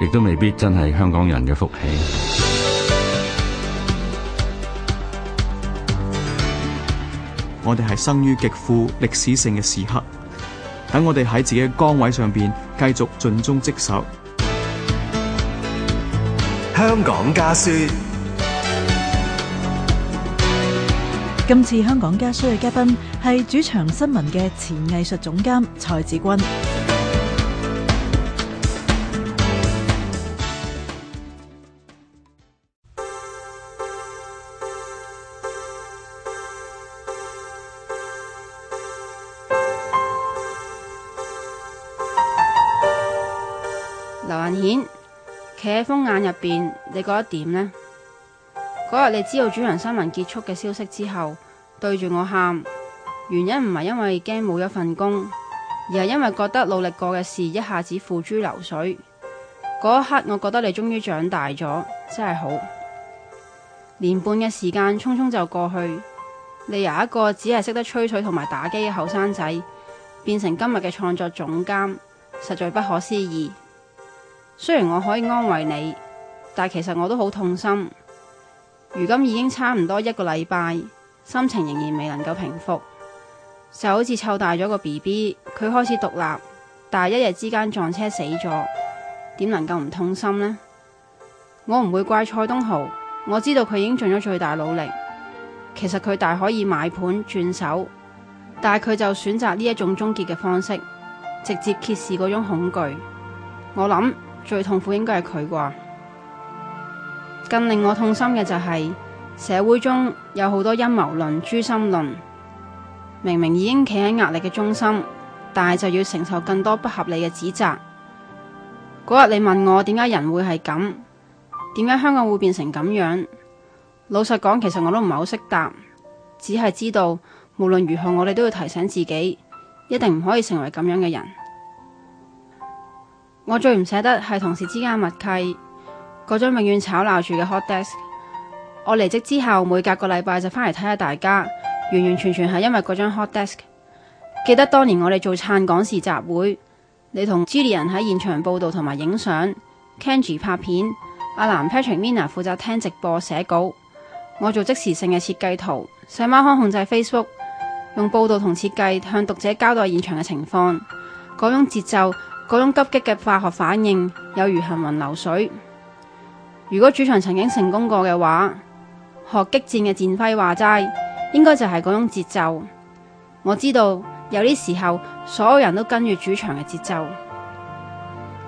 亦都未必真係香港人嘅福氣。我哋係生於極富歷史性嘅時刻，等我哋喺自己嘅崗位上邊繼續盡忠職守。香港家書。今次香港家書嘅嘉賓係主場新聞嘅前藝術總監蔡芷筠。企喺風眼入邊，你覺得點呢？嗰日你知道主場新聞結束嘅消息之後，對住我喊，原因唔係因為驚冇一份工，而係因為覺得努力過嘅事一下子付諸流水。嗰一刻，我覺得你終於長大咗，真係好。年半嘅時間匆匆就過去，你由一個只係識得吹水同埋打機嘅後生仔，變成今日嘅創作總監，實在不可思議。雖然我可以安慰你，但其實我都好痛心。如今已經差唔多一個禮拜，心情仍然未能夠平復，就好似湊大咗個 BB，佢開始獨立，但係一日之間撞車死咗，點能夠唔痛心呢？我唔會怪蔡東豪，我知道佢已經盡咗最大努力。其實佢大可以買盤轉手，但係佢就選擇呢一種終結嘅方式，直接揭示嗰種恐懼。我諗。最痛苦應該係佢啩，更令我痛心嘅就係，社會中有好多陰謀論、誅心論，明明已經企喺壓力嘅中心，但係就要承受更多不合理嘅指責。嗰日你問我點解人會係咁，點解香港會變成咁樣，老實講其實我都唔係好識答，只係知道無論如何我哋都要提醒自己，一定唔可以成為咁樣嘅人。我最唔捨得係同事之間嘅默契，嗰張永遠吵鬧住嘅 hot desk。我離職之後，每隔個禮拜就翻嚟睇下大家，完完全全係因為嗰張 hot desk。記得當年我哋做撐港事集會，你同 Julian 喺現場報道同埋影相，Kenji 拍片，阿南 Patrick Mina 負責聽直播寫稿，我做即時性嘅設計圖，細貓可控制 Facebook，用報道同設計向讀者交代現場嘅情況，嗰種節奏。嗰種急激嘅化學反應，有如行雲流水。如果主場曾經成功過嘅話，學激戰嘅戰輝話齋，應該就係嗰種節奏。我知道，有啲時候，所有人都跟住主場嘅節奏。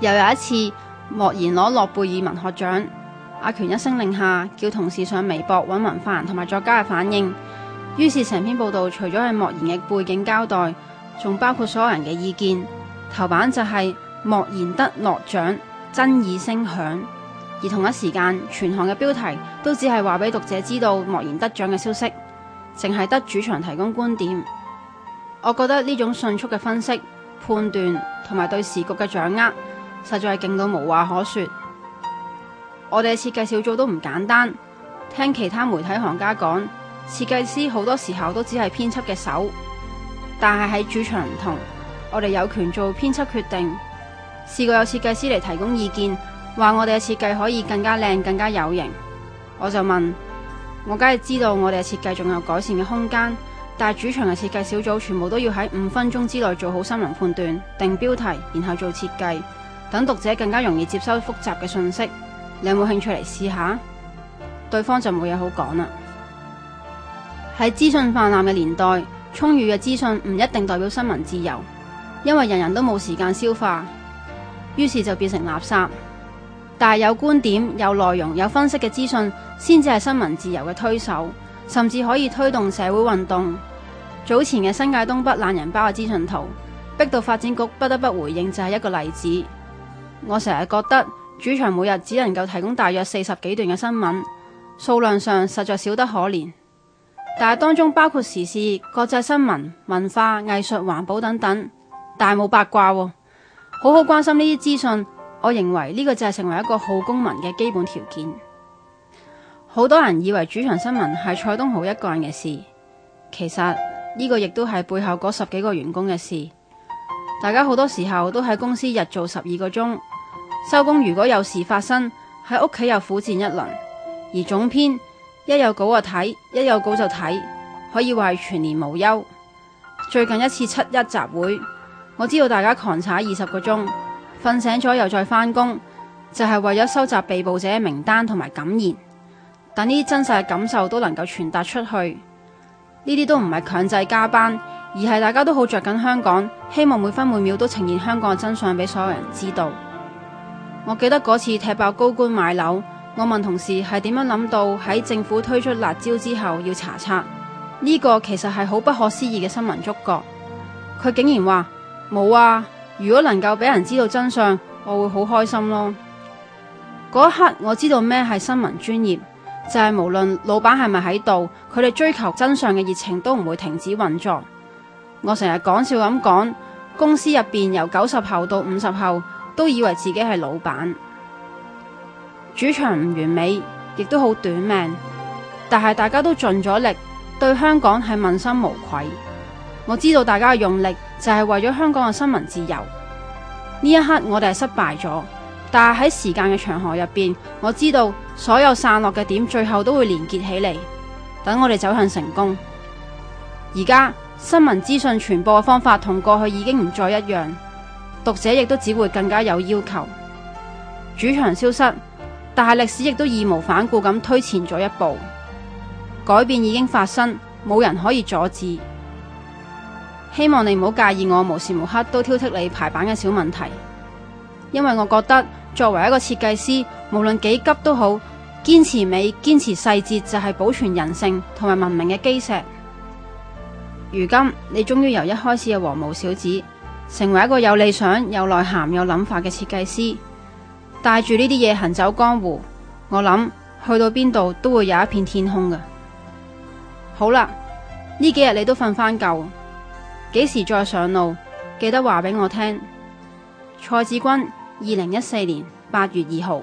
又有一次，莫言攞諾貝爾文學獎，阿權一聲令下，叫同事上微博揾文化人同埋作家嘅反應。於是成篇報道，除咗係莫言嘅背景交代，仲包括所有人嘅意見。頭版就係莫言得諾獎，爭議聲響；而同一時間，全行嘅標題都只係話俾讀者知道莫言得獎嘅消息，淨係得主場提供觀點。我覺得呢種迅速嘅分析、判斷同埋對時局嘅掌握，實在係勁到無話可說。我哋嘅設計小組都唔簡單，聽其他媒體行家講，設計師好多時候都只係編輯嘅手，但係喺主場唔同。我哋有權做編輯決定。試過有設計師嚟提供意見，話我哋嘅設計可以更加靚，更加有型。我就問，我梗係知道我哋嘅設計仲有改善嘅空間，但係主場嘅設計小組全部都要喺五分鐘之內做好新聞判斷、定標題，然後做設計，等讀者更加容易接收複雜嘅訊息。你有冇興趣嚟試下？對方就冇嘢好講啦。喺資訊泛濫嘅年代，充裕嘅資訊唔一定代表新聞自由。因為人人都冇時間消化，於是就變成垃圾。但係有觀點、有內容、有分析嘅資訊，先至係新聞自由嘅推手，甚至可以推動社會運動。早前嘅新界東北懶人包嘅資訊圖，逼到發展局不得不回應，就係一個例子。我成日覺得主場每日只能夠提供大約四十幾段嘅新聞，數量上實在少得可憐。但係當中包括時事、國際新聞、文化、藝術、環保等等。大冇八卦喎，好好關心呢啲資訊。我認為呢個就係成為一個好公民嘅基本條件。好多人以為主場新聞係蔡東豪一個人嘅事，其實呢個亦都係背後嗰十幾個員工嘅事。大家好多時候都喺公司日做十二個鐘，收工如果有事發生，喺屋企又苦戰一輪。而總編一有稿就睇，一有稿就睇，可以話係全年無休。最近一次七一集會。我知道大家狂踩二十個鐘，瞓醒咗又再返工，就係、是、為咗收集被捕者嘅名單同埋感言，等呢啲真實嘅感受都能夠傳達出去。呢啲都唔係強制加班，而係大家都好着緊香港，希望每分每秒都呈現香港嘅真相俾所有人知道。我記得嗰次踢爆高官買樓，我問同事係點樣諗到喺政府推出辣椒之後要查冊呢？這個，其實係好不可思議嘅新聞觸角，佢竟然話。冇啊！如果能夠俾人知道真相，我會好開心咯。嗰一刻我知道咩係新聞專業，就係無論老闆係咪喺度，佢哋追求真相嘅熱情都唔會停止運作。我成日講笑咁講，公司入邊由九十後到五十後都以為自己係老闆。主場唔完美，亦都好短命，但係大家都盡咗力，對香港係問心無愧。我知道大家嘅用力，就係為咗香港嘅新聞自由，呢一刻我哋係失敗咗，但係喺時間嘅長河入邊，我知道所有散落嘅點，最後都會連結起嚟，等我哋走向成功。而家新聞資訊傳播嘅方法同過去已經唔再一樣，讀者亦都只會更加有要求。主場消失，但係歷史亦都義無反顧咁推前咗一步，改變已經發生，冇人可以阻止。希望你唔好介意我無時無刻都挑剔你排版嘅小問題，因為我覺得作為一個設計師，無論幾急都好，堅持美、堅持細節就係保存人性同埋文明嘅基石。如今你終於由一開始嘅黃毛小子，成為一個有理想、有內涵、有諗法嘅設計師，帶住呢啲嘢行走江湖，我諗去到邊度都會有一片天空嘅。好啦，呢幾日你都瞓返夠。幾時再上路？記得話畀我聽。蔡芷筠，二零一四年八月二號。